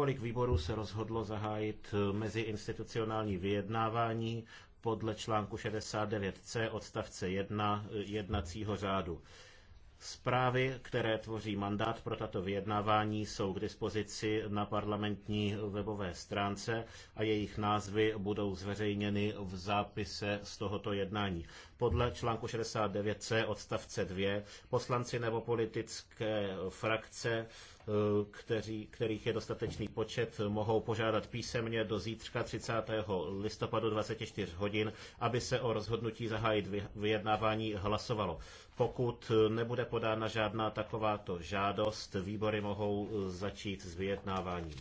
Kolik výborů se rozhodlo zahájit eh, meziinstitucionální vyjednávání podle článku 69c odstavce 1 eh, jednacího řádu. Zprávy, které tvoří mandát pro tato vyjednávání, jsou k dispozici na parlamentní webové stránce a jejich názvy budou zveřejněny v zápise z tohoto jednání. Podle článku 69c odstavce 2 poslanci nebo politické frakce eh, kteří, kterých je dostatečný počet, mohou požádat písemně do zítřka 30. listopadu 24 hodin, aby se o rozhodnutí zahájit vyjednávání hlasovalo. Pokud nebude podána žádná takováto žádost, výbory mohou e, začít s vyjednáváním.